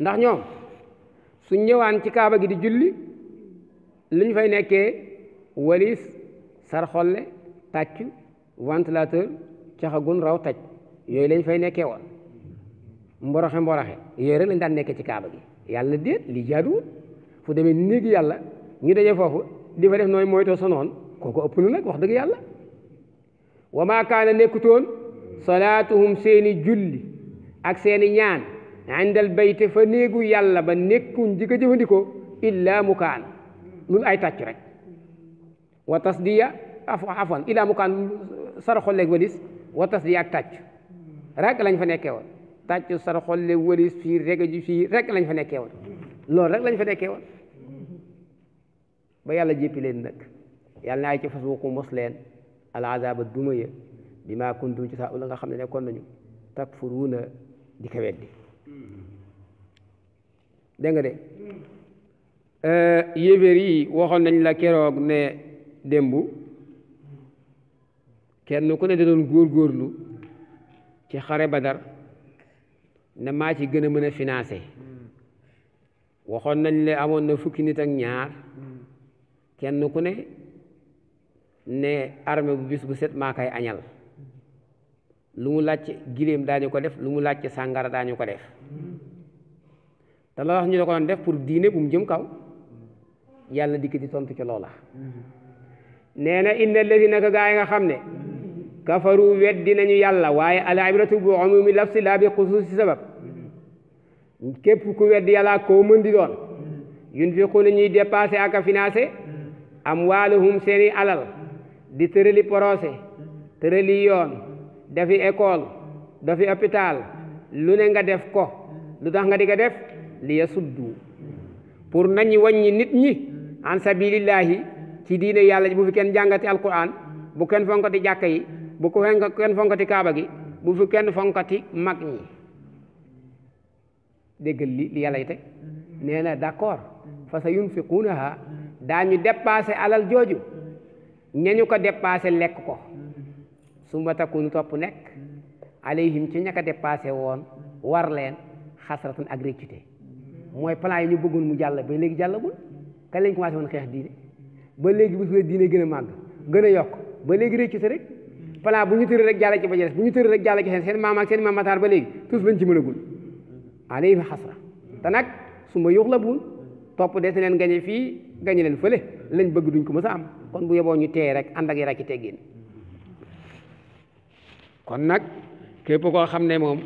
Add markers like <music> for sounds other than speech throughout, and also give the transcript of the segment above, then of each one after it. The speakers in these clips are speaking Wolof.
ndax ñoom su ñëwaan ci kaaba gi di julli li ñu fay nekkee walis sarxolle tàcc ventilateur caxagun raw taj yooyu lañ fay nekkee woon mboroxe mboroxe yooyu rek lañ daan nekkee ci kaaba gi yàlla déet li jaaduwul fu demee néegi yàlla ñu daje foofu di fa def nooy moytoo sa noon kooku ëpp na nag wax dëgg yàlla wa maa kaana nekkutoon salaatuhum seeni julli ak seeni ñaan indal bayte fa néegu yàlla ba nekkuñ di ko jëfandikoo illa mukaan lul ay tàcc rek wa tasdiya afwan illa mukaan saraxolleeg walis wa tasdiya ak tàcc rek lañ fa nekkee woon tàcc saraxolleeg walis fii rega ji fii rek lañ fa nekkee woon loolu rek lañ fa nekkee woon ba yàlla jéppi leen nag yàlla na ay ci fas wuqu mos leen alazaaba duma ya bi ma kuntum ci saa ula nga xam ne nekkoon nañu takfuruuna di ko weddi dégg nga de euh, yéeféer yi waxoon nañ la keroog ne démb kenn ku ne da doon góorgóorlu ci xare badar ne maa ci gën a mën a financé waxoon nañ le amoon na fukki nit ak ñaar kenn ku ne ne armée bu bis bu set maa koy añal lu mu laaj giléem daañu ko def lu mu laaj sàngara daañu ko def te la wax ñu da ko def pour diine bu mu jëm kaw yàlla dikk di tontu ci loola nee na inna alladina ka gaa yi nga xam ne kafaru weddi nañu yàlla waaye al ibratu bi umumi lafsi laa bi xusuusi sabab képp ku weddi yàlla koo mën di doon yunfiquuna ñuy dépassé ak a financé amwaaluhum seeni alal di tërali porosé tërali yoon dafi école dafi hôpital lu ne nga def ko lu tax nga di ko def li yasuddu pour nañ wàññi nit ñi an sabilillahi ci diine yàlla bu fi kenn jàngati alquran bu kenn fonkati jàkka yi bu ko kenn fonkati kaaba gi bu fi kenn fonkati mag ñi déggal li li yàlla yi teg nee na d'accord fa sa yunfiqunaha daañu dépassé alal jooju ñañu ko dépassé lekk ko summa takunu topp nekk alayhim ci ñaka dépassé woon war leen xasratan ak réccité mooy plan yi ñu bëggoon mu jàll ba léegi jàllagul kañ lañ commencé woon xeex diine ba léegi bu su diine gën gën a yokk ba léegi réccité rek plan bu ñu tëri rek jàll ci ba bu ñu tëri rek jàll ci seen seen maam ak seen maam mataar ba léegi tous lañ ci mën agul alayhi xasra te nag su ma yuux la buun topp des leen gañe fii gañe leen fële lañ bëgg duñ ko mës a am kon bu yeboo ñu teey rek ànd ak yara ci teggin kon nag képp koo xam ne moom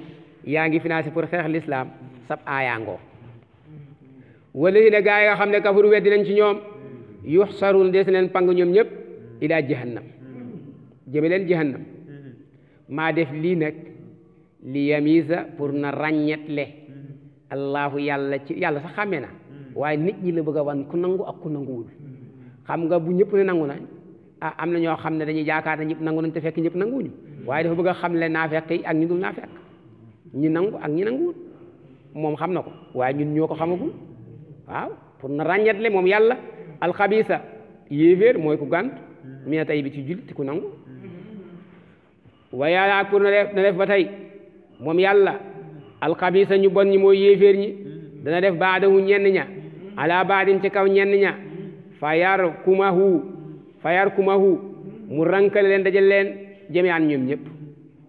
yaa ngi finance pour xeex lislaam sab aayaangoo wala si ne gaa yi nga xam ne kafur weddi nañ ci ñoom yuxsarun des leen pang ñoom ñëpp ilaa jahannam jëme leen jahannam maa def lii nag li yamisa pour na ràññetle allahu yàlla ci yàlla sa xàmmee na waaye nit ñi la bëgg a wan ku nangu ak ku nanguwul xam nga bu ñëpp ne nangu nañ a ah am na ñoo xam ne dañuy yaakaar na ñëpp nangu nañ te fekk ñëpp nanguwuñu waaye dafa bëgg xam le naa ak ñu dul naa ñi nangu ak ñi nanguwut moom xam na ko waaye ñun ñoo ko xamagul waaw pour na le moom yàlla alxabisa yéeféer mooy ku gànt mina tay bi ci jul ti ku nangu waaye yaa pour na def ba tey moom yàlla alxabisa ñu bon ñi mooy yéeféer ñi dana def baadahu ñenn ña ala baadin ci kaw ñenn ña fa yar kumahu fa yar kumahu mu rankale leen dajal leen jëmeyaan ñoom ñëpp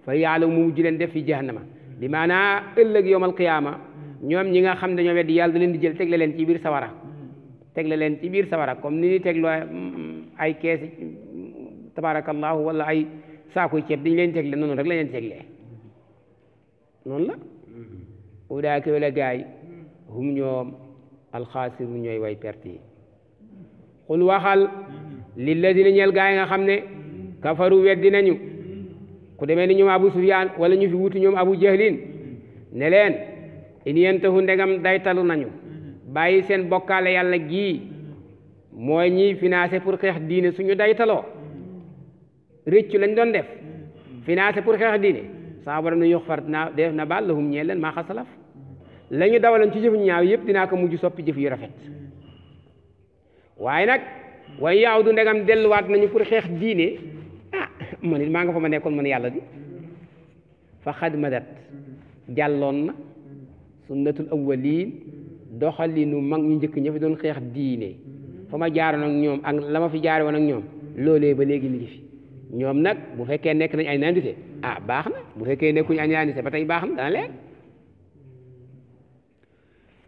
fa yàlla mu mujj leen def fi jahannama bi maanaa ëllëg yowmal qiyaama hmm. ñoom ñi nga xam dañoo weddi yàlla da leen di jël tegle leen ci biir sawara hmm. tegle leen ci biir sawara kom ni ñuy tegloo ay kees tabaarakallaahu wala ay saakuy ceeb dañu leen tegle noonu rek la leen teglee noonu la hmm. ulaaka wala gaay hum ñoom alxaasiru ñooy way perte yi xul waxal lillazina ñeel gaay nga xam ne kafaru weddi nañu ku demee ni ñoom abu sufyaan wala ñu fi wutu ñoom abu jahlin ne leen in yantahu ndegam daytalu nañu bàyyi seen bokkaale yàlla gii mooy ñiy financé pour xeex diine suñu daytaloo rëccu lañ doon def financé pour xeex diine saa borom nañu far na def na baal lahum ñeel leen maa xa salaf la ñu ci jëf ñaaw yëpp dinaa ko mujj soppi jëf yu rafet waaye nag way yaaw du ndegam delluwaat nañu pour xeex diine man it maa nga fa ma nekkoon man yàlla di fa xad madat jàlloon na sunnatul awwalin doxalinu mag ñu njëkk ña fi doon xeex diine fa ma jaaroon ñoom ak la ma fi jaare woon ak ñoom loolee ba léegi mi ngi fi ñoom nag bu fekkee nekk nañ ay nandite ah baax na bu fekkee nekkuñu ay nandite ba tey baax na dana leer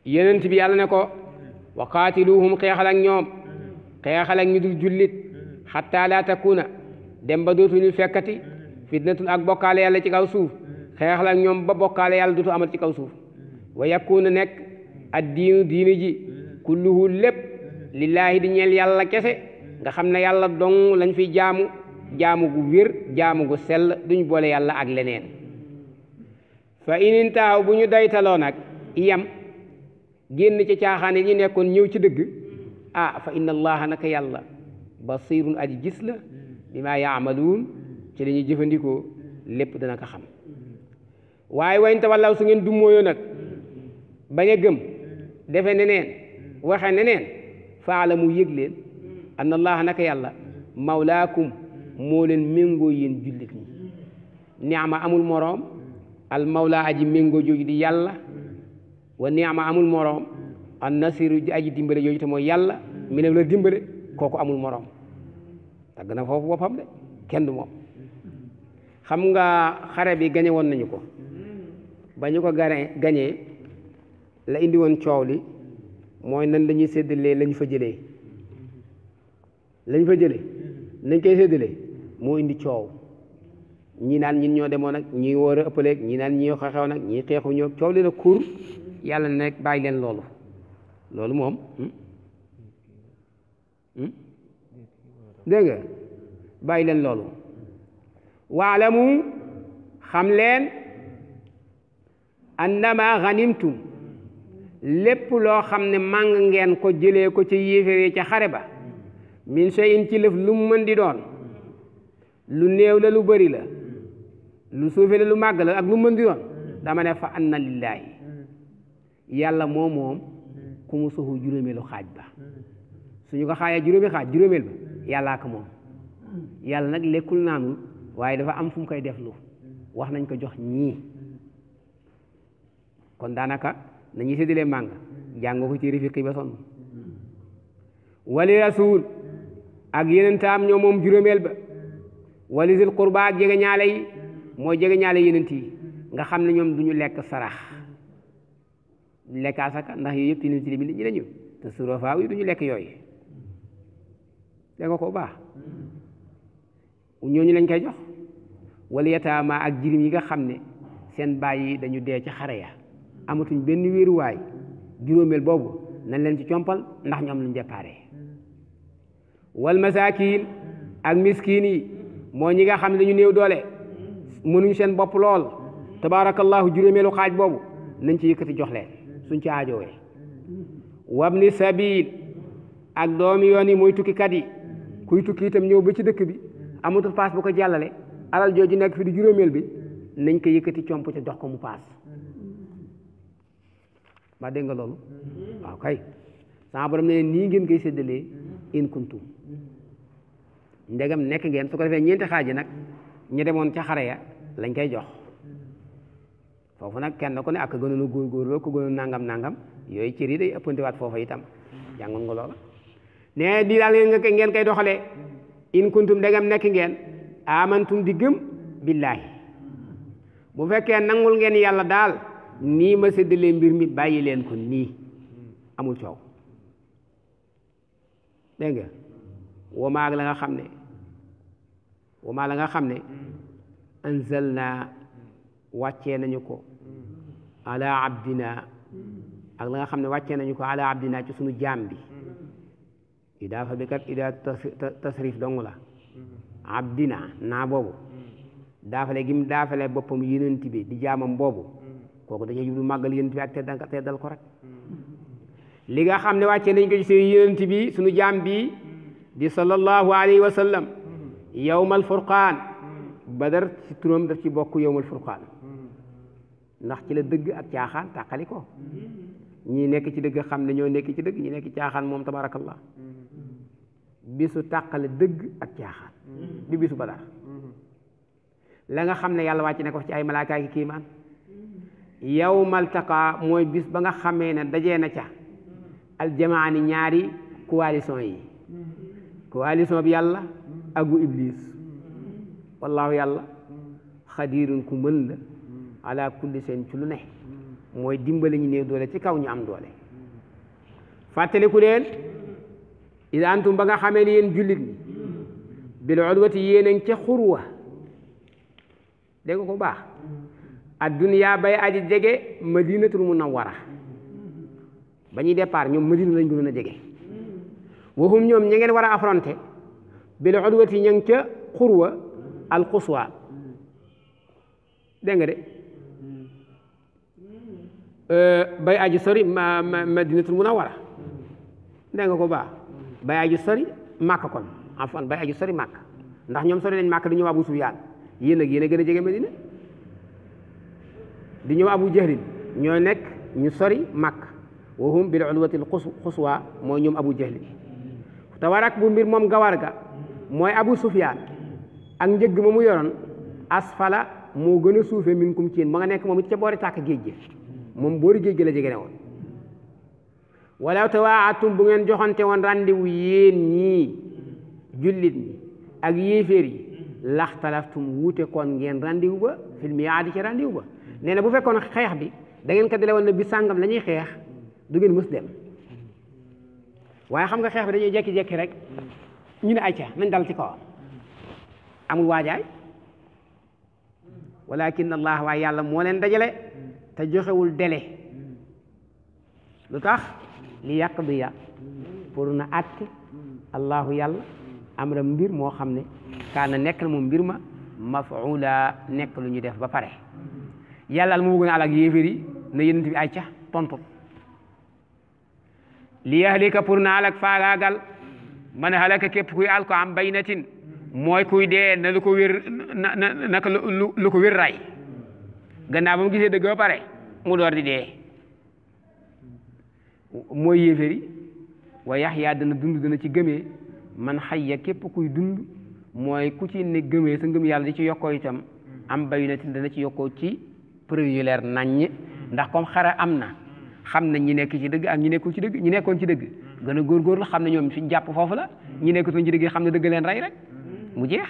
yenent bi yàlla ne wa qaatiluhum xeexal ak ñoom xeexal ak ñu dul jullit xatta laa takuna dem ba dootuñu fekkati fitnatun ak bokkaale yàlla ci kaw suuf xeexal ak ñoom ba bokkaale yàlla dootu amat ci kaw suuf wa na nekk ad diinu diini ji kulluhu lépp lillaahi di ñeel yàlla kese nga xam ne yàlla dong lañu fiy jaamu jaamu gu wér jaamu gu sell duñu boole yàlla ak leneen fa inintaaw bu ñu daytaloo nag yam génn ci caaxaan yi ñu nekkoon ñëw ci dëgg ah fa inna allaha naka yàlla basirun aji gis la bi maa yaamaluun ci li ñuy jëfandikoo lépp dana ko xam waaye wayn tawallaw su ngeen dummóoyoo nag bañ a gëm defe neneen waxe neneen faala mu yëg leen anna allaha naka yàlla mawlaakum moo leen méngoo yéen jullit ñi niama amul moroom al mawla aji méngoo jooju di yàlla wa niama amul moroom an nasiru aji dimbale jooju te mooy yàlla mi la dimbale kooku amul moroom tagg na foofu boppam de kenn du moom xam nga xare bi gañe woon nañu ko ba ñu ko ganee gañee la indi woon coow li mooy nan la ñuy séddalee la fa jëlee la fa jële nañ koy séddalee moo indi coow ñii naan ñun ñoo demoon ak ñii war a ëppaleeg ñii naan ñii xeexoon ak ñii xeexuñoo coow li la kur yàlla nekk rek bàyyi leen loolu loolu moom hmm? Hmm? dégg nga bàyyi leen loolu waalamu xam leen annama lépp loo xam ne màng ngeen ko jële ko ci yéeféer yi ca xare ba min shay'in ci lëf lu mën di doon lu néew la lu bëri la lu suufe la lu màgg la ak lu mën di doon dama ne fa anna lillaahi yàlla moo moom ku mu suxu juróomeelu xaaj ba suñu ko xaajee juróomi xaaj juróomeel ba yàllaa ko moom yàlla nag lekkul naanul waaye dafa am fu mu koy def lu wax nañ ko jox ñii kon daanaka nañuy séddalee mànga jàngoo ko ci rifiq yi ba sonn wali rasul ak yeneen taam ñoo moom juróomeel ba wali zil qurba ak jege ñaale yi mooy jege ñaale yeneen yi nga xam ne ñoom du ñu lekk sarax lekk asaka ndax yooyu yëpp ci nit ci li bi nit ñi lañu du ñu lekk yooyu da nga ko baax ñooñu lañ koy jox wala yataama ak jirim yi nga xam ne seen bàyyi dañu dee ci xare ya amatuñ benn wéeruwaay juróomeel boobu nañ leen ci compal ndax ñoom lañ déparé wal masaakiin ak miskiin yi moo ñi nga xam ne dañu néew doole mënuñ seen bopp lool tabaarakallaahu juróomeelu xaaj boobu nañ ci yëkkati jox leen suñ ci aajoowee wabni sabiil ak doomi yoon yi mooy tukkikat yi kuy tukki itam ñëw ba ci dëkk bi amatul paas bu ko jàllale alal jooju nekk fi di juróomeel bi nañ ko yëkkati comp ci jox ko mu paas ba dégg nga loolu waaw kay sama borom ne nii ngeen kay séddalee in kuntum ndegam nekk ngeen su ko defee ñeenti xaaj yi nag ñu demoon ca xare ya lañ koy jox foofu nag kenn ku ne ak gënoon góor loo ku gënoon nangam nangam yooyu cër yi day foofu foofa itam jàngoon nga loola ne di daal ngeen koy doxalee in kuntum ndegam nekk ngeen amantum di gëm billaahi bu fekkee nangul ngeen yàlla daal nii ma séddalee mbir mi bàyyi leen ko nii amul coow dégg nga wamaa ak la nga xam ne ma la nga xam ne anzalna wàcce nañu ko ala abdina ak la nga xam ne wàccee nañu ko ala abdina ci sunu jaam bi idaafa bi kat idaa tasrif dong la abdina naa boobu daafale gi mu daafale boppam yénanti bi di jaamam boobu kooku da cee jublu màggal yénanti bi ak teddal teddal ko rek nga xam ne wàccee dañ ko ci seen yénanti bi suñu jaam bi di sallallahu alayhi wa sallam yowmal furqaan badar ci turam daf ci bokk yowmal furqaan ndax ci la dëgg ak caaxaan tàqali ko ñii nekk ci dëgg xam ne ñoo nekk ci ñi nekk caaxaan moom tabarakallah bisu tàqale dëgg ak caaxaan mm-hmm. di bisu badar mm-hmm. la nga xam ne yàlla wàcc ne ko ci ay malaaka ki kiimaan mm-hmm. yawmal taqa mooy bis ba nga xamee ne dajee na ca aljamaani ñaari coalition yi coalition bi yàlla ak bu iblis wallaahu yàlla xadiirun ku mën la ala kulli seen ci lu ne mooy dimbali ñu néew doole ci kaw ñu am doole fàttaliku leen idaantum ba nga xamee ne yéen jullit ñi bil udwati yéen a ngi ca xurwa dégg ko baax adduniyaa bay aji jege madinatul munawwara ba ñuy départ ñoom madina lañ gënoon a jege waxum ñoom ña ngeen war a affronté bil udwati ña ngi ca xurwa al quswa dégg nga de euh, bay aji sori madinatul munawwara dégg nga ko baax bayaay ju sori màkk kon Anfaan bayaay ju sori màkk ndax ñoom sori nañ màkk di ñëw Abu Sufyaan yéen ak yéen a gën a jege Medina di ñëw Abu Jahlin ñoo nekk ñu sori màkk wa hum bil ulwatil xuswa mooy ñoom Abu Jahlin te warak bu mbir moom gawar ga mooy Abu Sufyaan ak njëgg ma mu yoroon asfala moo gën a suufee minkum ci yéen ma nga nekk moom it ca boori tàkk géej gi moom boori géej gi la jege ne woon walaw tawaatum bu ngeen joxante woon rendez-vous yéen ñii jullit ñi ak yéeféer yi laxtalaftum wuute koon ngeen rendez ba film yaa di ci rendez-vous ba nee bu fekkoon xeex bi da ngeen woon na bi sàngam la ñuy xeex du ngeen mës dem xam nga xeex bi dañuy jekki-jekki rek ñu ne ayca nañ dal ci kawam amul waajaay walakin allah waaye yàlla moo leen dajale te joxewul dele lu tax li yaqdiya pour na àtte allahu yàlla amra mbir moo xam ne kaana nekk na mbir ma mafuula nekk lu ñu def ba pare yàlla al mu bëgg na alak yéeféer na yonent bi ay ca tontu li yahlika pour na alak faagaagal man halaka képp kuy al ko am baynatin mooy kuy dee na lu ko wér na ba mu gisee dëgg ba mu door di dee mooy yéeféri wa yaxyaa dana dund dana ci gëmee man xay xayya képp kuy dund mooy ku ci ne gëme sa gëm yàlla di ci yokkoo itam am bayinatin dana ci yokkoo ci preuve yu leer naññ ndax comme xare am na xam na ñi nekk ci dëgg ak ñi nekkul ci dëgg ñi nekkoon ci dëgg gën a góorgóorlu xam ne ñoom fi jàpp foofu la ñi nekkutoon ci dëgg xam ne dëgg leen rey rek mu jeex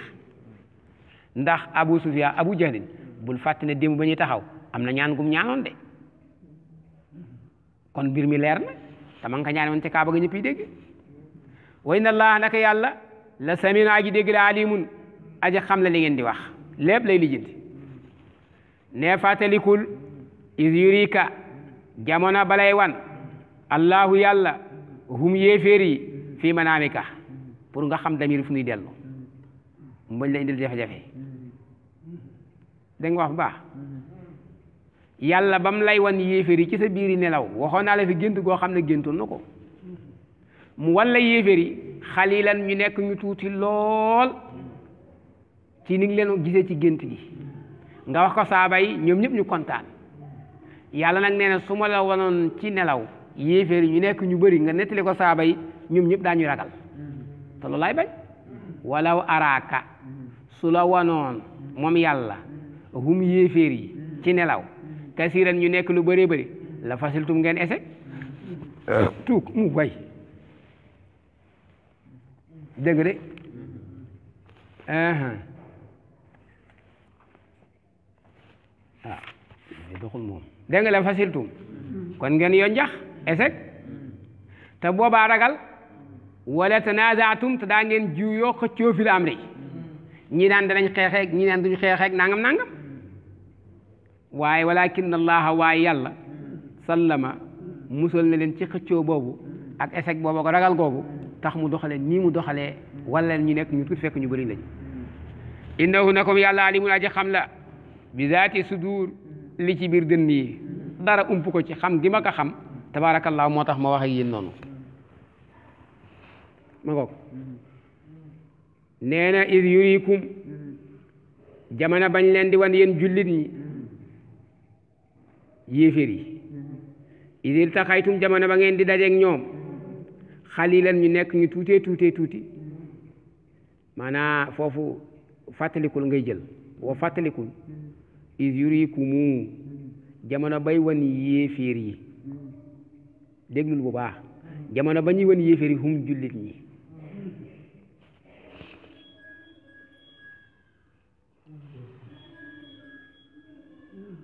ndax Abu Sufyaan Abu Jahlin bul fàtte ne démb ba ñuy taxaw am na ñaan gum ñaanoon de kon mbir mi leer na te ma nga ko ñaane woon ca kaaba ga ñëpp dégg way na laa naka yàlla la samin aji dégg la alimun aji xam la li di wax lépp lay lijjanti ne fàttalikul is yurika jamono balay wan allahu yàlla hum yéeféer yi manaamika pour nga xam damir fu muy dellu mu bañ la indil jafe-jafe dégg wax bu yàlla ba mu lay wan yéeféer yi ci sa biir biiri nelaw waxoon naa la fi gént goo xam ne géntoon na ko mu wan la yi xalilan ñu nekk ñu tuuti lool ci ni leen gisee ci gént gi nga wax ko saaba yi ñoom ñëpp ñu kontaan yàlla nag nee na su ma la wanoon ci nelaw yéeféer yi ñu nekk ñu bari nga nettali ko saaba yi ñoom ñëpp daañu ragal te loolu laay bañ araaka su la wanoon moom yàlla hum yéeféer yi ci nelaw kasiran ñu nekk lu bëree bëri la fasiltum ngeen ese euh. tuug mu way dégg de waaw ah, doxul moom dégg nga la fasiltum kon ngeen yo njax esek te boobaa ragal wala tanazaatum te daa ngeen jiw yoo xëccoo fil amri ñi naan danañ xeexeeg ñi naan duñ xeexeeg nangam nangam waaye walakin allaha waaye yàlla sallama musal na leen ci xëccoo boobu ak échec boobu ko ragal googu tax mu doxalee nii mu doxalee wala ñu nekk ñu tuuti fekk ñu bari lañu innahu na kom yàlla alimun aji xam la bi zaati sudur li ci biir dënn yi dara ump ko ci xam gi ma ko xam tabaarakallaahu moo tax ma wax ak yéen noonu ma ngoog nee na bañ leen di wan yéen jullit yi yéeféer yi isil taxaytum jamono ba ngeen di dajeek ñoom xalilan ñu nekk ñu tuutee tuutee tuuti maanaa foofu fàttalikul ngay jël wa fàttalikul is yurikumu jamono bay wan yéeféer yi déglul bu baax jamono ba ñuy wan yéeféer yi hum jullit ñi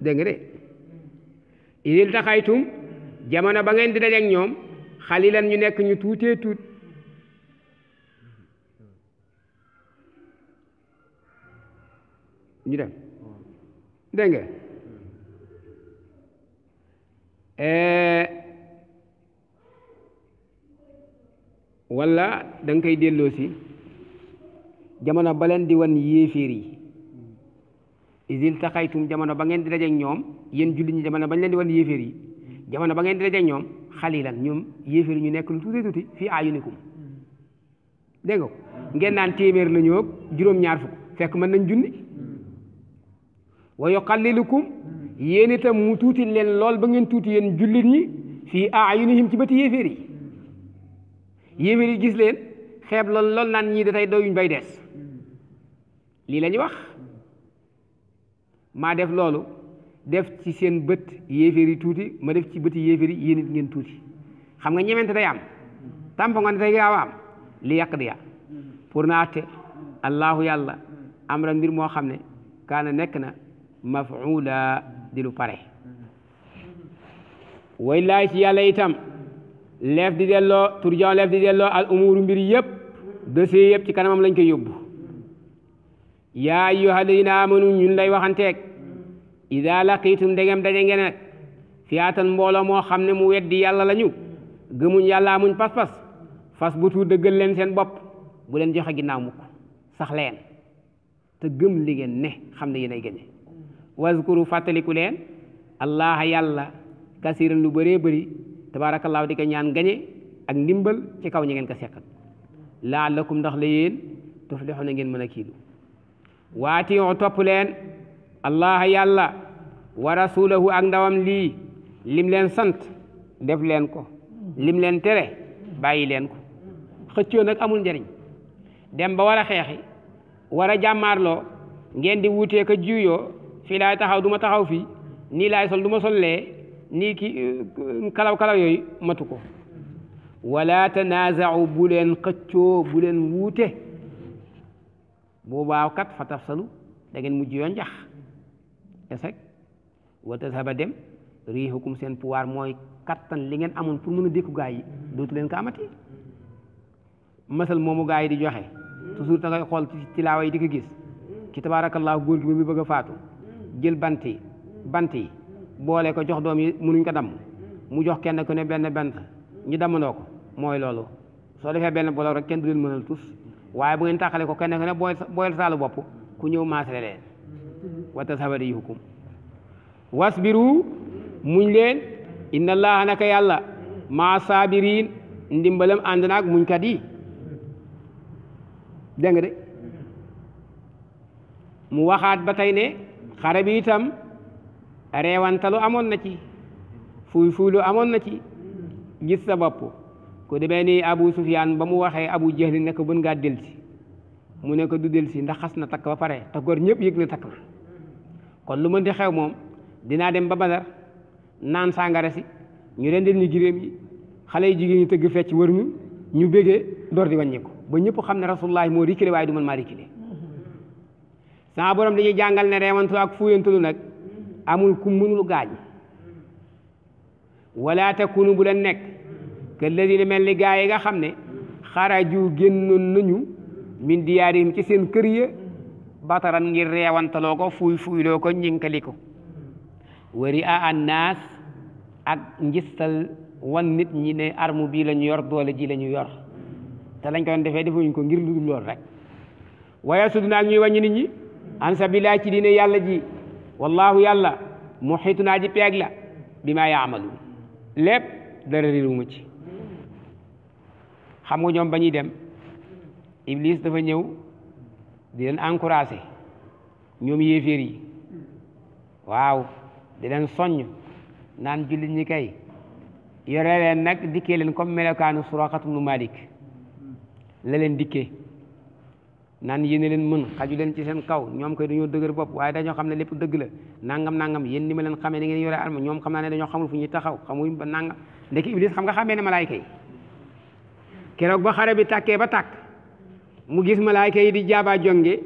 dégg li taxaytum jamono ba ngeen di dajeek ñoom xalilan ñu nekk ñu tuutee tuut ñu dem dégg nga eh, walla da nga koy delloo jamono ba leen di wan yéeféer yi idil taxaytum jamono ba ngeen di dajeek ñoom yéen jullit ñi jamono bañ leen di wan yéeféer yi jamono ba ngeen di dajeeg ñoom xalilan ñoom yéeféer yi ñu nekk lu tuuti tuuti fii ayunikum dégg nga ko ngeen naan téeméer la ñoo juróom-ñaar fukk fekk mën nañ junni wa yuqallilukum yéen itam mu tuuti leen lool ba ngeen tuuti yéen jullit ñi fii ayunihim ci bëti yéeféer yi yéeféer gis leen xeeb lool lool naan ñii da tey bay des lii lañu wax maa def loolu def ci seen bët yéeféer yi tuuti ma def ci bët yéeféer yi yéen it ngeen tuuti xam nga ñemente day am tampongo ne day gaaw li yàq di yàq pour na atte allahu yàlla am ra mbir moo xam ne kaana nekk na mafuula di lu pare way laay ci yàlla itam leef di delloo turjaaw leef di delloo al umuru mbir yëpp dossier yëpp ci kanamam lañ koy yóbbu yaa ayyuha alladina amanu ñun lay waxanteeg ida laqiitum ndegem daje ngeen nag fiyaatan mbooloo moo xam ne mu weddi yàlla lañu gëmuñ yàlla muñ pas-pas fas bu tuut gën leen seen bopp bu leen joxe ginnaaw mukk sax leen te gëm li ngeen ne xam ne yéen ay gëne waskuru fàttaliku leen allah yàlla kasiran lu bëree bëri tabaarakallaahu di ko ñaan gañe ak ndimbal ci kaw ñi ngeen ko seqal laallakum ndax la yéen tuflixu na ngeen mën a kiilu waati yoo topp leen allah yàlla wa rasulahu ak ndawam lii lim leen sant def leen ko lim leen tere bàyyi leen ko xëccoo nag amul njariñ dem ba war a xeexi war a jàmmaarloo ngeen di wuutee ka juyoo fii laay taxaw duma taxaw fii nii laay sol du ma sollee nii ki euh, kalaw kalaw yooyu matu ko wala tanaaza'u bu leen xëccoo bu leen wuute boobaaw kat fa tafsalu da ngeen mujj yoon jax esek sa ba dem riihukum seen pouvoir mooy kattan li ngeen amoon pour mën a dékku gaa yi dootu leen ko amati masal moomu gaa yi di joxe toujours da ngay xool ci tilaawa yi di ko gis ci tabaarakallaahu góor gi ba bëgg a faatu jël banti yi bant yi boole ko jox doom yi mu nuñ ko damm mu jox kenn ku ne benn bant ñu dammandoo ko mooy loolu soo defee benn bolo rek kenn du leen mënal tus waaye bu ngeen tàqale ko kenn ku ne booyal booyal saalu bopp ku ñëw maasale wa tazhaba riihukum wasbiru muñ leen inna allaha naka yàlla maa saabiriin ndimbalam ànd naag muñkat yi dégg de mu waxaat ba tey ne xare bi itam reewantalu amoon na ci fuuy fuulu amoon na ci gis sa bopp ku demee ni Abu Sufyaan ba mu waxee Abu Jahl ne ko bën ngaa delsi mu ne ko du delsi ndax xas na takk ba pare te góor ñëpp yëg na takk na kon lu mën di xew moom dinaa dem ba badar naan sàngara si ñu rendil ñu giréem yi xale yi jigéen ñu tëgg fecc wër ñu ñu bégee door di wàññeeku ba ñëpp xam ne rasulullahi moo rikile waaye du man maa rikile sama borom dañuy jàngal ne reewantu ak fuuyantulu nag amul ku mënul gaañ wala takunu bu leen nekk que ladi mel ni gaa yi nga xam ne xaraju génnoon nañu min diyaarihim ci seen kër ya bataran ngir reewantaloo ko fuuy loo ko ñinkali ko wari a annaas ak njistal wan nit ñi ne armu bii la ñu yor doole jii la ñu yor te lañ ko doon defee ko ngir lu lool rek waaye su dinaag ñuy wàññi nit ñi an sabilillah ci diine yàlla ji wallahu yàlla muxiitu naa ji peeg la bi maa yaamalu lépp dara riiru ci xam nga ñoom ba ñuy dem iblis dafa ñëw di leen encouragé ñoom yéeféer yi waaw di leen soññ naan jullit ñi kay yore leen nag dikkee leen comme melokaanu Suraqatu bnu Malik la leen dikkee naan yéen leen mën ka leen ci seen kaw ñoom koy dañoo dëgër bopp waaye dañoo xam ne lépp dëgg la nangam nangam yéen ni ma leen xamee ni ngeen yore arme ñoom xam naa ne dañoo xamul fu ñuy taxaw xamuñ ba nangam ndeke Iblis xam nga xamee ne malaayka yi keroog ba xare bi tàkkee ba tàkk mu gis malaayka yi di jaaba jonge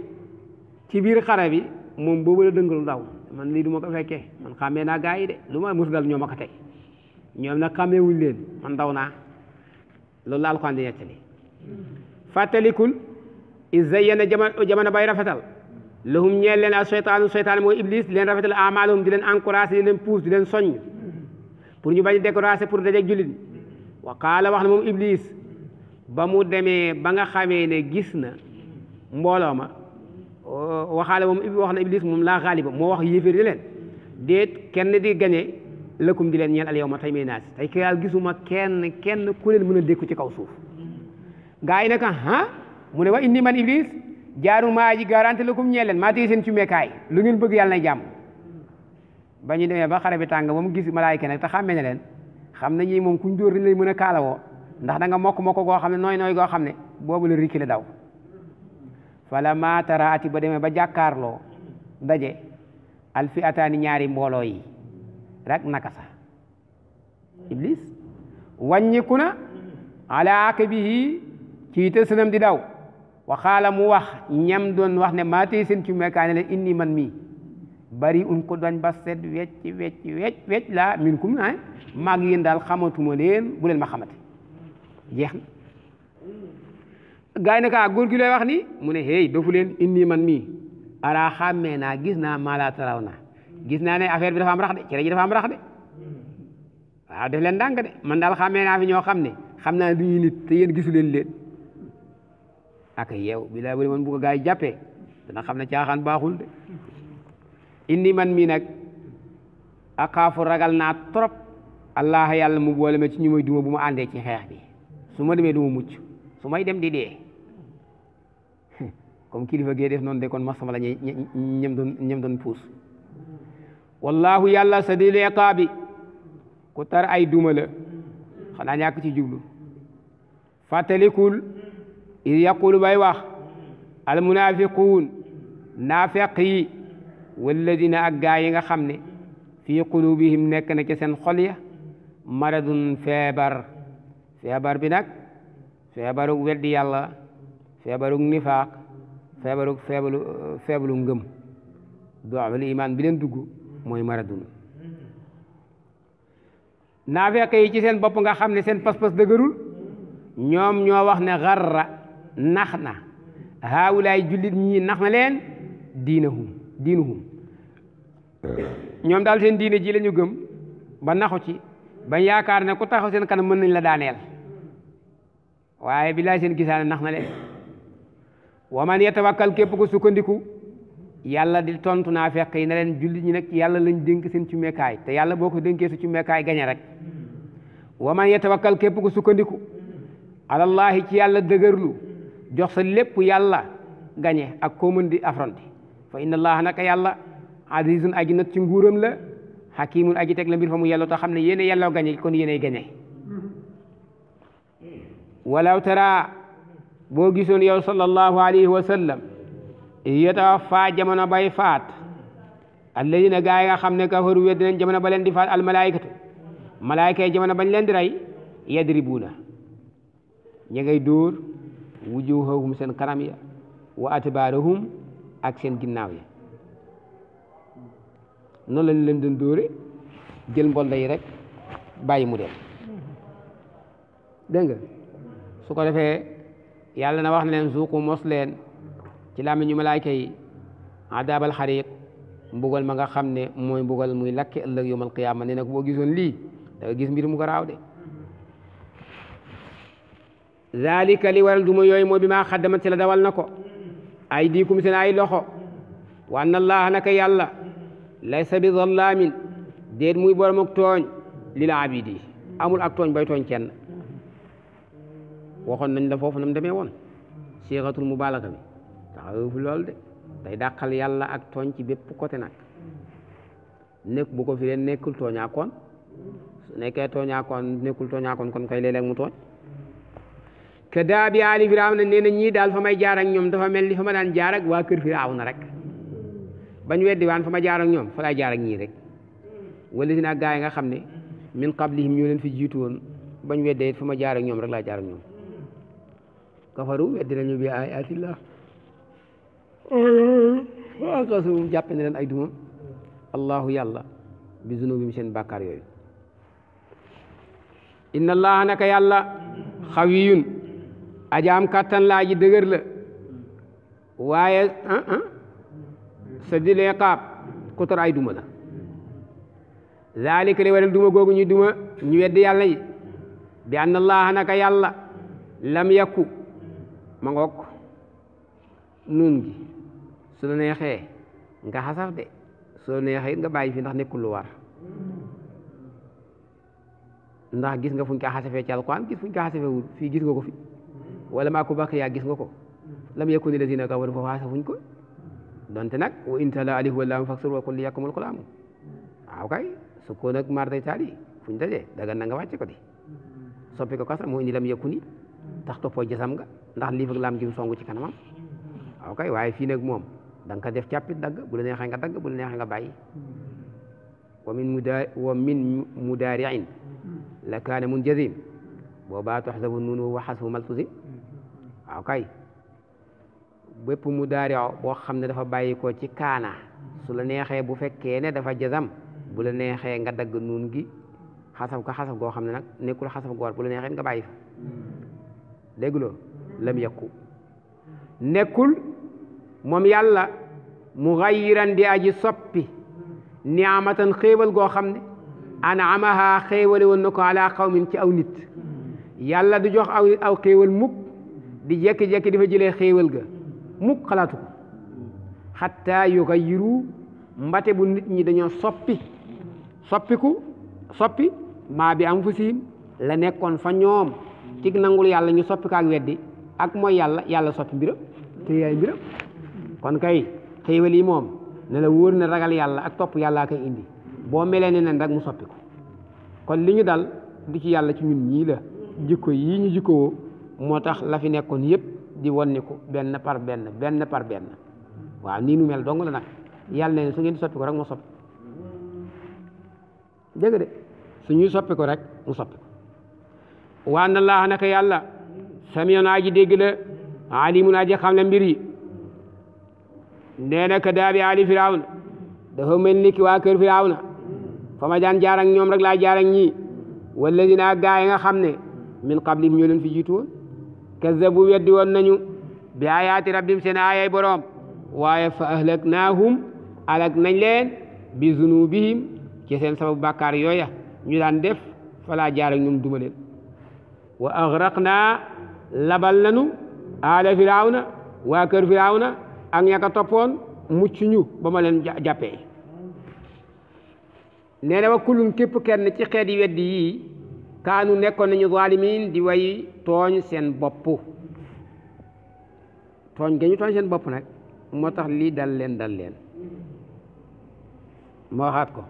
ci biir xare bi moom boobu la dëngalu ndaw man lii du ma ko fekkee man xàmmee naa gaa yi de lu ma mus dal ñoom ma ko tey ñoom na xàmmeewuñ leen man daw naa loolu la alxuraan di nettali fàttalikul is zayyana jamono bay rafetal lahum ñeel leen ak seytaanu seytaan mooy iblis di leen rafetal amaalum di leen encouragé di leen pousse di leen soññ pour ñu bañ découragé pour dajeeg jullit wa wax na moom iblis ba mu demee ba nga xamee ne gis na mbooloo ma euh, waxaale moom ibi wax na iblis moom laa xaaliba moo wax yéeféer di leen déet kenn di gañe lëkkum di leen ñeen al yow ma tey may naas tey kiyaal ma kenn kenn ku leen a dékku ci kaw suuf gaa yi naka ah mu ne wa indi man iblis jaaru maa ji garanti lëkkum ñee leen maa téye seen cumekaay lu ngeen bëgg yàlla na jàmm ba ñu demee ba xare bi tàng ba mu gis malaayika nag te xàmmee ne leen xam na ñi moom ku dóor dañ lay mën a kaalawoo ndax da nga mokk mokk goo xam ne nooy nooy goo xam ne boobu la rikki la daw fala ma taraati ba demee ba jàkkaarloo daje alfi ataani ñaari mbooloo yi rek naka sax iblis wàññiku na ala aqibihi ci tësënam di daw wa mu wax ñam doon wax ne maa tey seen ci mekaane leen inni man mii bari un ko doñ ba set wecc wecc wecc wecc laa min kum naa ah, maag yéen daal xamatuma leen bu leen ma xamate jeex na gars yi ne ah, góor gi lay wax ni mu ne hey dofu leen indi man mii ara xàmmee naa gis naa mala taraw naa gis naa ne affaire bi dafa am rax de cere ji dafa am rax de waaw def leen ndànk de man daal xàmmee naa fi ñoo xam ne xam naa du ñuy nit te yéen gisu leen leen ak yeew bi laa bu man bu ko yi jàppee dana xam ne caaxaan baaxul de indi man mii nag kaafu ragal naa trop allah yàlla mu boole ma ci ñu may duma bu mu àndee ci xeex bi su ma demee du mucc su may dem di dee <laughs> comme kilifa gee def noonu de kon masama la ñuy ñem doon ñem doon puus wallahu yàlla sadil iqaabi ku tar ay duma la xanaa ñàkk ci jublu fàttalikul il yaqulu bay wax al munafiquun naafeq yi walladina ak yi nga xam ne fii qulubihim nekk na ci seen xol ya maradun feebar feebar bi nag feebarug weddi yàlla feebarug nifaaq feebarug feebalu feebalu ngëm doxalu imaan bi leen dugg mooy maradun naafeq yi ci seen bopp nga xam ne seen pas-pas dëgërul ñoom ñoo wax ne xarra nax na haawulaay jullit ñi nax na leen diinahum diinuhum ñoom daal seen diine ji la gëm ba naxu ci ba yaakaar ne ku taxaw seen kanam mën nañu la daaneel waaye billaay seen gisaane nax na leen wa man yatawakkal képp ko sukkandiku yàlla di tontu naa fekk yi ne leen jullit ñi nag yàlla lañ dénk seen ci mekkaay te yàlla boo ko dénkee su ci mekkaay gañe rek wa man yatawakkal képp ko sukkandiku alallaahi ci yàlla dëgërlu jox sa lépp yàlla gañe ak koo mën di affronté fa inna allaha naka yàlla azizun aji not ci nguuram la hakimun aji teg la mbir fa mu yàlla te xam ne yéene yelloo gañe kon yéeney gañe walaw tara boo gisoon yow sallallahu alayhi wa sallam yatawaffaa jamono bay faat alladina gaa yi nga xam ne kafaru wedd nañ jamono ba leen di faat almalaykatu malaayka yi jamono bañ leen di rey yadribuuna ña ngay dóor wujuhahum seen kanam yi wa atbaarahum ak seen ginnaaw ya noonu lañ leen doon dóore jël mbol rek bàyyi mu dem nga su ko defee yàlla na wax na leen zuuqu mos leen ci làmmiñu malaayka yi adaabal xariq mbugal ma nga xam ne mooy mbugal muy lakki ëllëg yawmal qiyaama nee ko boo gisoon lii da gis mbir mu garaaw de zalika li waral duma yooyu mooy bi maa xaddamat si la dawal na ko ay diikum seen ay loxo wa anna allaha naka yàlla laysa bi zallaamin déet muy borom ak tooñ lil abidi amul ak tooñ bay tooñ kenn waxoon nañ la foofu na mu demee woon siixatul mubalaka bi taxawu fi de day dàqal yàlla ak tooñ ci bépp côté nag nekk bu ko fi leen nekkul tooñaakoon su nekkee tooñaakoon nekkul tooñaakoon kon koy léeg-léeg mu tooñ ke daa bi aali firawna nee na ñii daal fa may jaar ak ñoom dafa mel ni fa ma daan jaar ak waa kër na rek bañ weddi waan fa ma jaar ñoom fa laay jaar ñii rek wala si nag gaa yi nga xam ne min qablihim ñoo leen fi jiitu woon bañ weddee it fa ma jaar ñoom rek laa jaar kafaru weddi nañu bi ayatillah leen ay duma allahu yàlla bi zunubim seen bàkkaar yooyu inna allaha naka yàlla xawiyun ajaam kàttan laa ji dëgër la waaye ah, ah, sa dilee qaab kutar ay duma la zalika li waral duma googu ñu duma ñu weddi yàlla yi bi anna naka yàlla lam yakku ma ngoog nuun gi su la neexee nga xasaf de su la neexee nga bàyyi fi ndax nekkul lu war ndax gis nga fuñ ko xasafee ci alquran gis fuñ ko xasafewul fii gis nga ko fi wala maa ko bàq yaa gis nga ko lam yakuni lazina kafaru fa xasafuñ ko donte nag wa in tala alif walaam faksur wa kulli yakumul kalaam waaw kay su ko nag mar day taali fuñ daje dagan na nga wàcce ko di soppi ko kasra moo indi lam yakuni tax toppoo jasam nga ndax liif ak laam songu ci kanam waaw kay waaye fii nag moom da nga def càppit dagg bu la neexee nga dagg bu la neexee nga bàyyi wa min muda wa min mudaariin la kaane mun jazim boobaa toxsabu nuunu wa xasbu malfusim waaw boo xam ne dafa bàyyi ko ci kaana su la neexee bu fekkee ne dafa jazam bu la neexee nga dagg nuun gi xasaf ko xasaf goo xam ne nag nekkul xasaf goo war bu la neexee nga bàyyi léegi loolu lam yakku nekkul moom yàlla mu xayiran di aji soppi niamatan xéewal goo xam ne anamaha xéewale woon na ko ala xawmin ci aw nit yàlla du jox aw aw xéewal mukk di jekki-jekki dafa jëlee xéewal ga mukk xalaatu ko yu yugayiru mbate bu nit ñi dañoo soppi soppiku soppi maa bi am fu la nekkoon fa ñoom ci nangul yàlla ñu soppi ko ak weddi ak mooy yàlla yàlla soppi mbiram te yaay mbiram kon kay xéewal lii moom ne la wóor na ragal yàlla ak topp yàllaa koy indi boo melee ne nen rek mu soppi ko kon li ñu dal di ci yàlla ci ñun ñii la jikko yi ñu jikkowoo moo tax la fi nekkoon yépp di wonni ko benn par benn benn par benn waaw nii nu mel dong la nag yàlla ne su ngeen di rek mu soppi dégg de soppi ko rek mu soppi waa na laax naka yàlla samiyoon aji dégg la alimun aji xam la mbir yi nee na ka daabi dafa mel niki waa kër firawna fa ma daan jaar ak ñoom rek laa jaar ak wa walladina gaa yi nga xam ne min qablihim ñoo leen fi jiitu woon kazzabu weddi woon nañu bi ayaati rabbim seen aayay boroom waaye fa ahlaknaahum alak nañ leen bi zunubihim ci seen sababu bàkkaar yooya ñu daan def fa laa jaar ñoom duma leen wa aghraqna labal nanu aala na waa kër firawna ak ña ko toppoon mucc ñu ba ma leen jàppee nee wa kullun képp kenn ci xeet yi weddi yii kaanu nekkoon nañu zalimin di way tooñ seen bopp tooñ ga tooñ seen bopp nag moo tax lii dal leen dal leen moo waxaat ko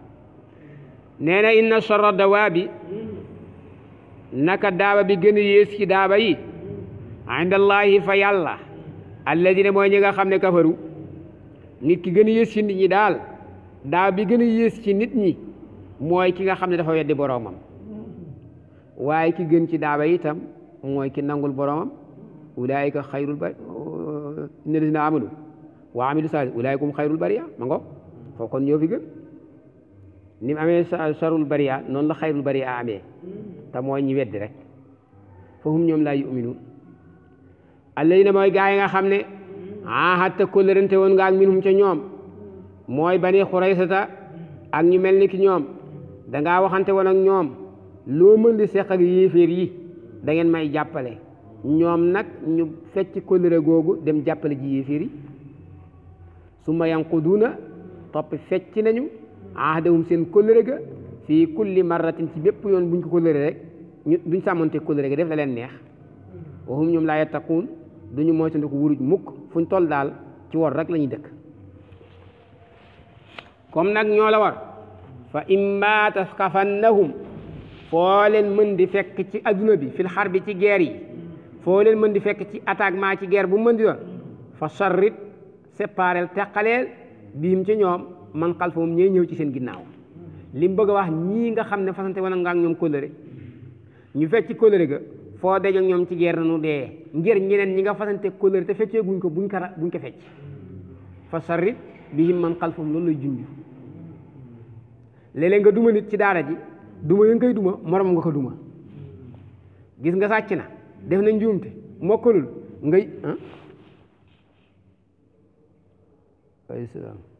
nee inna charra dawaabi naka daaba bi gën a yées ci daaba yi indallaahi fa yàlla alladina mooy ñi nga xam ne kafaru nit ki gën a ci nit ñi daal daaba bi gën a yées ci nit ñi mooy ki nga xam ne dafa weddi boroomam waaye ki gën ci daaba yi itam mooy ki nangul boroomam ulaayika xayrul bari ne dina amanu waa amilu saali ulaayikum xayrul bariya ma ngo foofu kon gën ni mu amee sarul bariya noonu la xayrul bariya amee te mooy ñi weddi rek fahum ñoom laa yuminuun allay na mooy gaa yi nga xam ne ahatta kóllërante woon nga ak minhum ca ñoom mooy bani xuraysata ak ñu mel ni ki ñoom dangaa waxante woon ak ñoom loo mën di seq ak yéeféer yi dangeen may jàppale ñoom nag ñu fecc kóllëre googu dem jàppale ji yéeféer yi summa yanquduuna topp fecc nañu ahdahum seen kóllëre ga fii kulli maratin ci bépp yoon buñ ko kóllëre rek ñu duñ sàmmante kóllëre gi def la leen neex waxum ñoom laa yattaquun duñu moytandiku wuruj mukk fuñ toll daal ci wor rek lañuy ñuy dëkk comme nag ñoo la war fa imma tasqafannahum foo leen mën di fekk ci adduna bi fil xar bi ci geer yi foo leen mën di fekk ci attaquement ci guerre bu mën di doon fa charrit séparel teqaleel biim ci ñoom man xalfahum ñee ñëw ci seen ginnaaw li mu bëgg a wax ñii nga xam ne fasante wana nga ak ñoom kóllëre ñu fecc kóllëre ga foo dajee ak ñoom ci na nanu dee ngir ñeneen ñi nga fasante kóllëre te feccee guñ ko buñ ko buñ ko fecc fa sarrit bihim man xalfum loolu lay junju léeg nga duma nit ci daara ji duma ya nga koy duma morom nga ko duma gis nga sàcc na def na njuumte mokkalul ngay ah,